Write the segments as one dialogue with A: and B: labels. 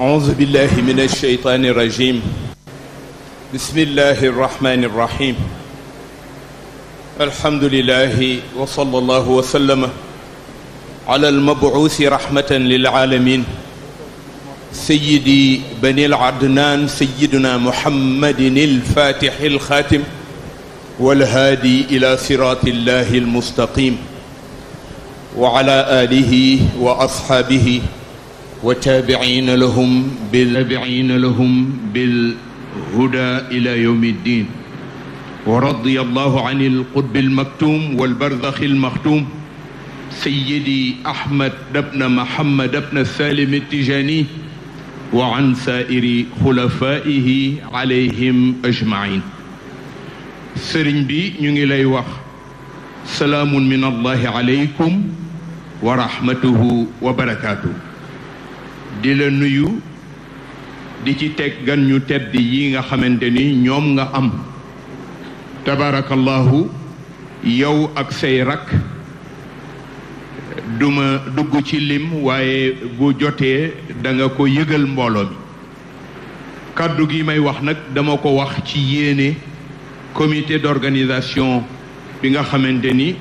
A: أعوذ بالله من الشيطان الرجيم بسم الله الرحمن الرحيم الحمد لله وصلى الله وسلم على المبعوث رحمة للعالمين سيدي بني العدنان سيدنا محمد الفاتح الخاتم والهادي إلى صراط الله المستقيم وعلى آله وأصحابه wa taabiina lahum bil taabiina lahum bil huda ila yawmi ddin wa radiya allahu an alqutbi almaktum walbarzaxi almaxtum sayidi ahmad dabna mahamad dabna salim tijani wa an sairi xulafaihi alayhim ajmain sëriñ bi ñu ngi lay wax salaamun min allahi alaykum wa rahmatuhu wa barakatuhu di la nuyu di ci teg gan ñu tedd yi nga xamante ni ñoom nga am tabarakallahu yow ak say rakk duma dugg ci lim waaye bu jotee da nga ko yëgal mbooloo mi kàddu gi may wax nag dama ko wax ci yéene comité d'organisation bi nga xamante ni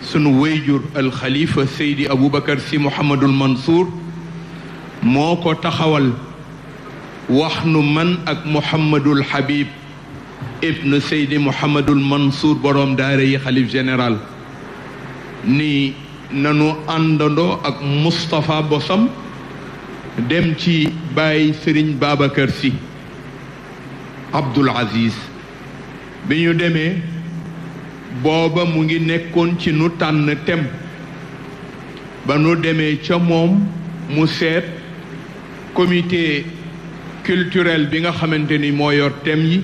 A: sunu wéyjur alxalifa seydi aboubacar si mouhamadul mansour moo ko taxawal wax nu man ak Mouhamadul Habib ibnu Seydi Mouhamadul Mansour borom daare yi xalif général ni nanu àndandoo ak Moustapha Bossam dem ci bàyyi Serigne Babacar Sy Abdoul Aziz bi ñu demee booba mu ngi nekkoon ci nu tànn tem ba nu demee ca moom mu seet comité kulturel bi nga xamante ni mooyor yor thème yi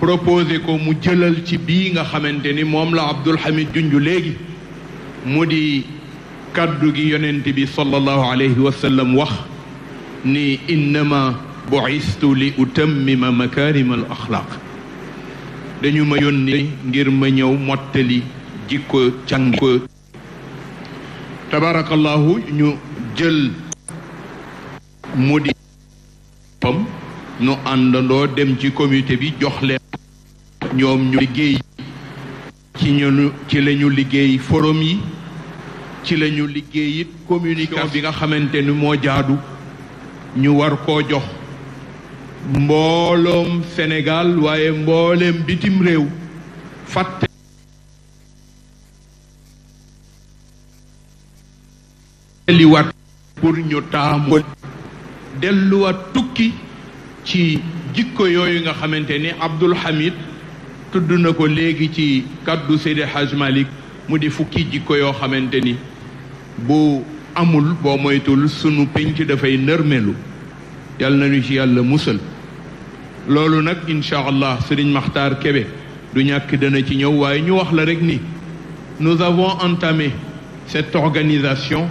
A: proposé ko mu jëlal ci bii nga xamante ni moom la Abdul Hamid junj léegi mu di kàddu gi yonent bi sallallahu alayhi wa wax ni innama bu'istu li utammima makarim al axlaq dañu ma yónni ngir ma ñëw mottali jikko cang ko tabarakallahu ñu jël mu di pam nu àndandoo dem ci comité bi jox leen ñoom ñu liggéey ci ci la liggéey forum yi ci la ñu liggéey it nga xamante ni moo jaadu ñu war koo jox mbooloom senegaal waaye mbooleem bitim réew fàtte li wat pour ñu taamu delluwaat tukki ci jikko yooyu nga xamante ni Abdul Hamid tudd na ko léegi ci kàddu Seydi Hajj Malik mu di fukki jikko yoo xamante ni bu amul boo moytul sunu pénc dafay nërmelu yàlla nañu ci yàlla musal loolu nag incha allah Serigne maxtar kebe du ñàkk dana ci ñëw waaye ñu wax la rek ni nous avons entamé cette organisation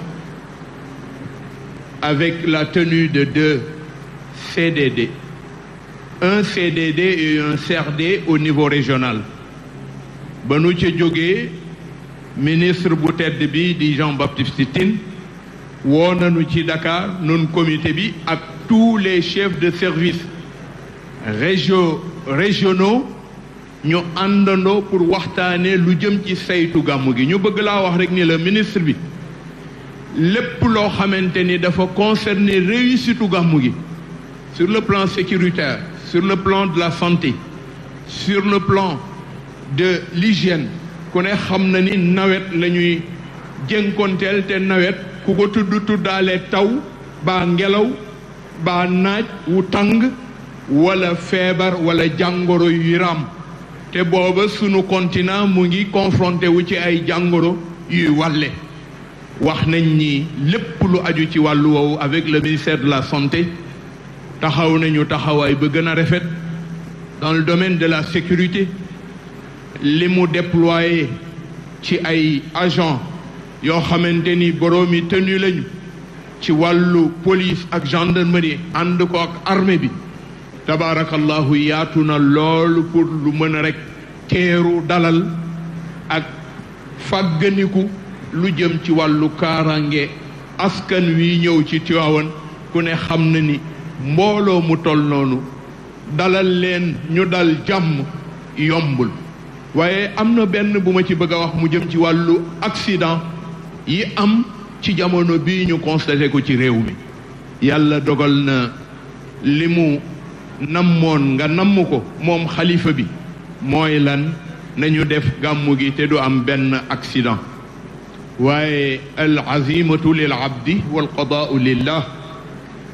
A: avec la tenue de deux CDD, un CDD et un CRD au niveau régional ba nu ci jógee ministre bu tedd bi di Jean-Baptiste Tine woo nañu ci Dakar nun comité bi ak tous les chefs de service régio régionaux ñu àndandoo pour waxtaanee lu jëm ci saytu gàmmu gi ñu bëgg laa wax rek ni la ministre bi lépp loo xamante ni dafa concerner réussite u gàmmu gi sur le plan sécuritaire sur le plan de la santé sur le plan de l'hygiène ku ne xam na ni nawet la ñuy jënkonteel te nawet ku ko tudd tuddaale taw baa ngelaw baa naaj wu tàng wala feebar wala jàngoro yuy raam te booba sunu continent mu ngi confronté wu ci ay jàngoro yuy wàlle wax nañ ni lépp lu aju ci wàllu woowu avec le ministère de la santé taxaw nañu taxawaay ba gën a rafet dans le domaine de la sécurité li mu déployé ci ay agent yoo xamante ni boroomi tenu lañu ci wàllu police ak gendarmerie ànd ko ak armée bi tabaarakallahu yaatu na loolu pour lu mën a rek teeru dalal ak fàgganiku lu jëm ci wàllu kaaraange askan wi ñëw ci Tiwaawan ku ne xam na ni mbooloo mu tol noonu dalal leen ñu dal jàmm yombul waaye am na benn bu ma ci bëgg a wax mu jëm ci wàllu accident yi am ci jamono bii ñu constaté ko ci réew mi yàlla dogal na li mu nammoon nga namm ko moom xalifa bi mooy lan nañu def gàmmu gi te du am benn accident waaye alazimatu lil abdi wal qadaau lillah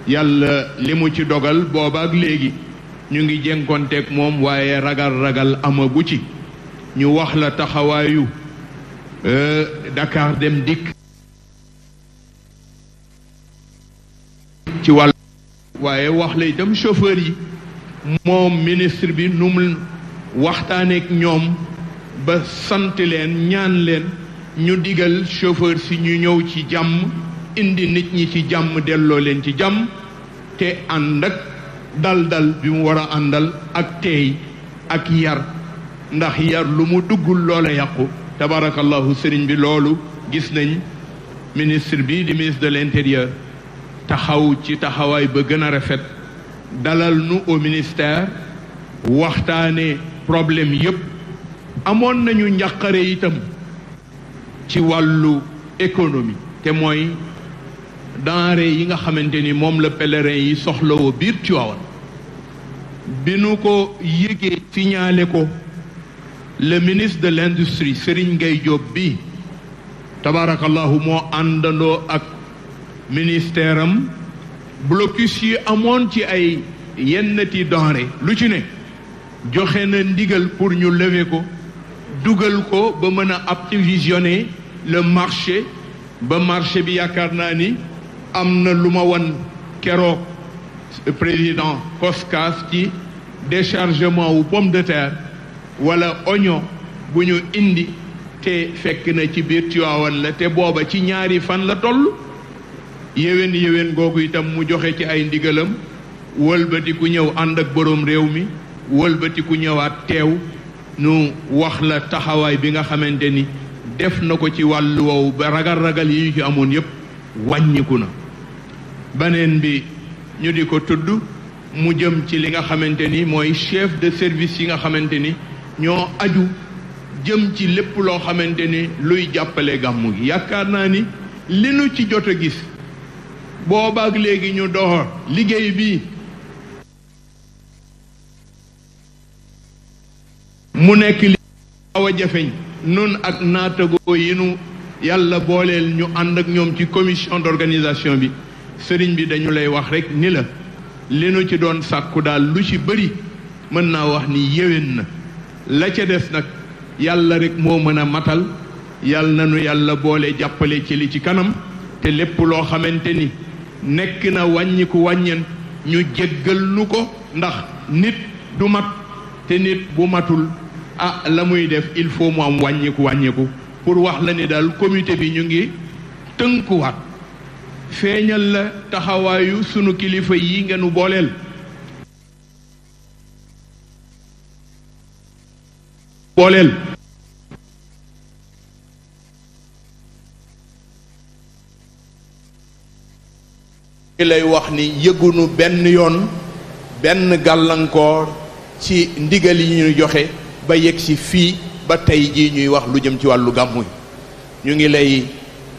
A: yàlla li mu ci dogal boobaak léegi ñu ngi jënkonteeg moom waaye ragal-ragal amagu ci ñu wax la taxawaayu euh, Dakar dem dikk ci wàll waaye wax la itam chauffeur yi moom ministre bi nu mu waxtaaneeg ñoom ba sant leen ñaan leen ñu digal chauffeur si ñu ñëw ci jàmm indi nit ñi ci jàmm delloo leen ci jàmm te ànd ak dal bi mu war a àndal ak teey ak yar ndax yar lu mu duggul loola yàqu tabarakallahu sëriñ bi loolu gis nañu ministre bi di ministre de l'intérieur taxaw ci taxawaay ba gën a rafet dalal nu au ministère waxtaane problème yépp amoon nañu njàqare itam ci wàllu économie te mooy denrée yi nga xamante ni moom la pèlerin yi soxlawoo biir Tiwaawan bi nu ko yëgee signalé ko le ministre de l'industrie Serigne ngay Diop bi tabarakallahu moo àndandoo ak ministère am yi amoon ci ay yennati denrée lu ci ne joxe na ndigal pour ñu lewe ko dugal ko ba mën a approvisionner le marché ba marché bi yaakaar naa ni am na lu ma wan keroog président COSCAS ci déchargement wu pomme de terre wala oignon bu ñu indi te fekk na ci biir Tiwaawan la te booba ci ñaari fan la toll yéwén yéwén googu itam mu joxe ci ay ndigalam wëlbati ku ñëw ànd ak boroom réew mi wëlbati ku ñëwaat teew nu wax la taxawaay bi nga xamante ni def na ko ci wàll woowu ba ragal-ragal yi ñu ci amoon yépp wàññiku na beneen bi ñu di ko tudd mu jëm ci li nga xamante ni mooy chef de service yi nga xamante ni ñoo aju jëm ci lépp loo xamante ni luy jàppale gàmmu gi yaakaar naa ni li nu ci jot a gis boobaak léegi ñu doxal liggéey bi mu nekk li xaw a jafeñ nun ak naatagoo yi nu yàlla booleel ñu ànd ak ñoom ci commission d'organisation bi sëriñ bi dañu lay wax rekk ni la li nu ci doon sàkku daal lu ci bëri mën naa wax ni yéwén na la ca des nag yàlla rekk moo mën a matal yàlla na nu yàlla boole jàppale ci li ci kanam te lépp loo xamante ni nekk na wàññiku wàññeen ñu jéggal lu ko ndax nit du mat te nit bu matul ah la muy def il faut mu wàññiku wàññiku pour wax la ni daal comité bi ñu ngi tënkuwaat feeñal la taxawaayu sunu kilifa yi ngeen booleel. booleel. lay wax ni yëgunu benn yoon benn gàllankoor ci ndigal yi ñu joxe. ba yëg si fii ba tey jii ñuy wax lu jëm ci wàllu gàmmu ñu ngi lay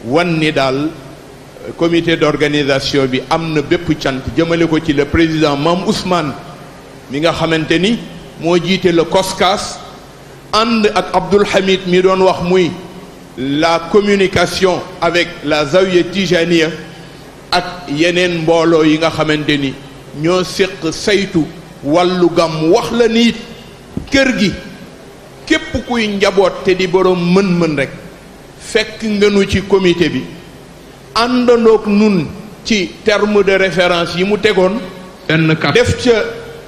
A: wan ni daal euh, comité d'organisation bi am na bépp cant jëmale ko ci le président Mame Ousmane mi nga xamante ni moo jiite le COSCAS ànd ak Abdoul Hamid mi doon wax muy la communication avec la Zawiya Tijaniya ak yeneen mbooloo yi nga xamante ni ñoo séq saytu wàllu gàmm wax la nit kër gi képp kuy njaboot te di borom mën-mën rek fekk ngenu ci comité bi àndandoog nun ci terme de référence yi mu tegoon def ca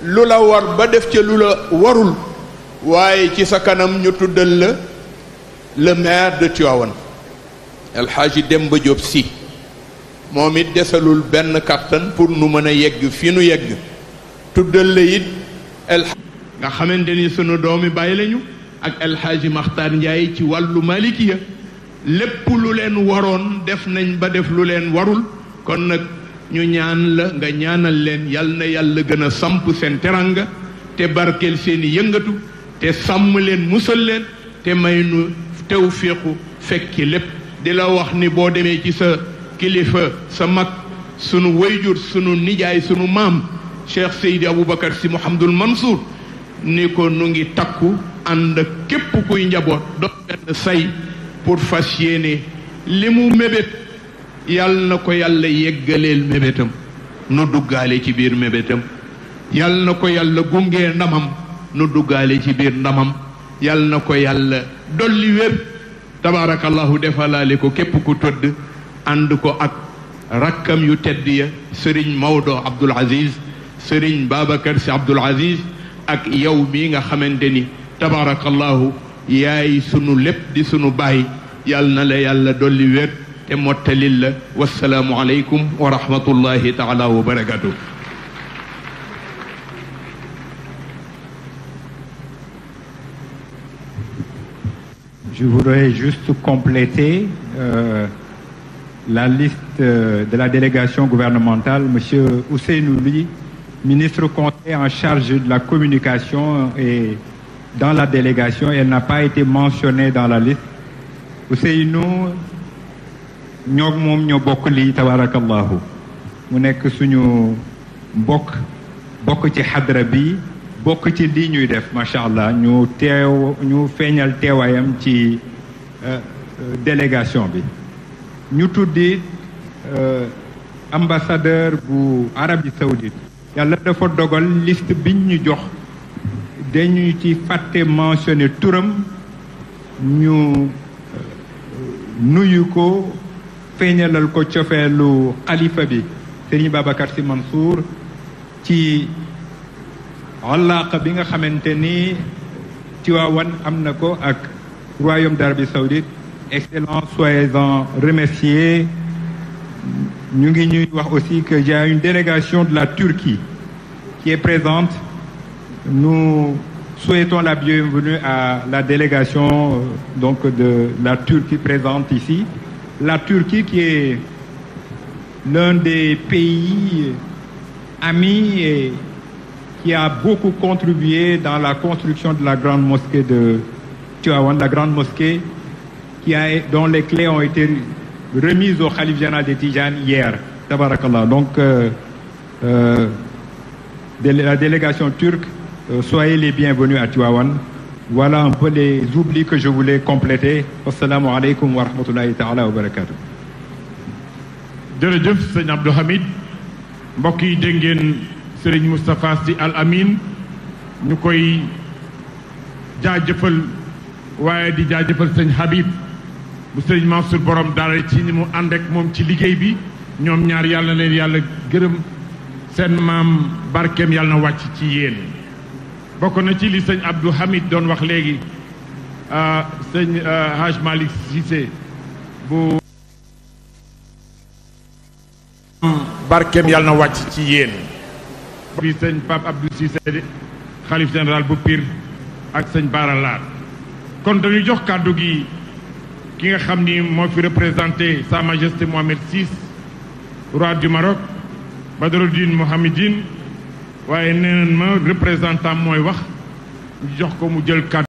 A: lu la war ba def ca lu la warul waaye ci sa kanam ñu tuddal la le maire de Tivaouane El Hadji Demba Diop Sy moom it desalul benn kàttan pour nu mën a yegg fi nu yegg tuddal la it el nga xamante ni sunu doomi bàyyi lañu ak alxaaji maxtaar njaay ci wàllu malikiya lépp lu leen waroon def nañ ba def lu leen warul kon nag ñu ñaan la nga ñaanal leen yal na yàlla gën a samp seen teranga te barkeel seeni yëngatu te sàmm leen musal leen te may nu tawfiixu fekki lépp di la wax ni boo demee ci sa kilifa sa mag sunu wayjur sunu nijaay sunu maam cheikh seydi aboubacar si mouhamadul mansour ni ko nu ngi takku ànd ak képp kuy njaboot doon benn say pour fas yéene li mu mébét yàll na ko yàlla yeggaleel mébétam nu duggaale ci biir mébétam yàll na ko yàlla gungee ndamam nu duggaale ci biir ndamam yàll na ko yàlla dolli wér tabaarakallahu defalaale ko képp ku tëdd ànd ko ak rakkam yu tedd ya sëriñ Maodo Abdoul Aziz sëriñ Babacar Sy Abdoul Aziz ak yow mii nga xamante ni tabarakallahu yaay sunu lépp di sunu baay yàlla na la yàlla dolli wér te mottalil la wasalaamu aleykum wa rahmatullahi taala wa barakatuh
B: Je voudrais juste compléter euh, la liste euh, de la délégation gouvernementale. Monsieur Ousseynou Ly, ministre conseiller en charge de la communication et dans la délégation. Elle n'a pas été mentionnée dans la liste. Ousseynou ñoog moom ñoo bokk lii tabarakallahu mu nekk suñu bokk bokk ci xadra bi bokk ci lii ñuy def macha allah ñu teew ñu feeñal teewaayam ci euh, euh, délégation bi ñu tuddi euh, ambassadeur bu Arabie Saoudite yàlla dafa dogal liste biñ ñu jox dañuy ci fàtte mentionné turam ñu euh, nuyu ko feeñalal ko cofeelu alifa bi Serigne Babacar Sy Mansour ci alaaka bi nga xamante ni Tiwaawan am na ko ak royaume d'Arabie Saoudite excellence soyez-en remerciés ñu ngi ñuy wax aussi que j'ai une délégation de la Turquie ki est présente Nous souhaitons la bienvenue à la délégation euh, donc de la Turquie présente ici. La Turquie qui est l'un des pays amis et qui a beaucoup contribué dans la construction de la grande mosquée de Tiawan, la grande mosquée dont les clés ont été remises au Khalif Général de Tijane hier. Tabarakallah. Donc, euh, euh, la délégation turque Euh, soyez les bienvenus à Tivaouane voilà un peu les oublis que je voulais aleykum wa rahmatullahi wa barakatu jërëjëf sëñ Abdou Hamid mbokk yi dégg ngeen Serigne Moustapha Sy Al Amine
A: ñu koy jaajëfal waaye di jaajëfal sëñ Habib bu sëñ Mansour borom daal ci ni mu ànd moom ci liggéey bi ñoom ñaar yàlla na leen yàlla gërëm seen maam barkeem yàlla na wàcc ci yéen bokk na ci li sëñ Abdou Hamid doon wax léegi euh, sëñ euh, Haj Malick Cissé bu barkeem yàlla na wàcc ci yéen bi sëñ Pape Abdou Cissé xalif général bu Pire ak sëñ Bara Laat kon dañu jox kàddu gi ki nga xam ni moo fi représenté sa majesté Mohamed VI roi du Maroc Badruddin Mohamedine waaye nee nañ ma représentant mooy wax jox ko mu jël kàddu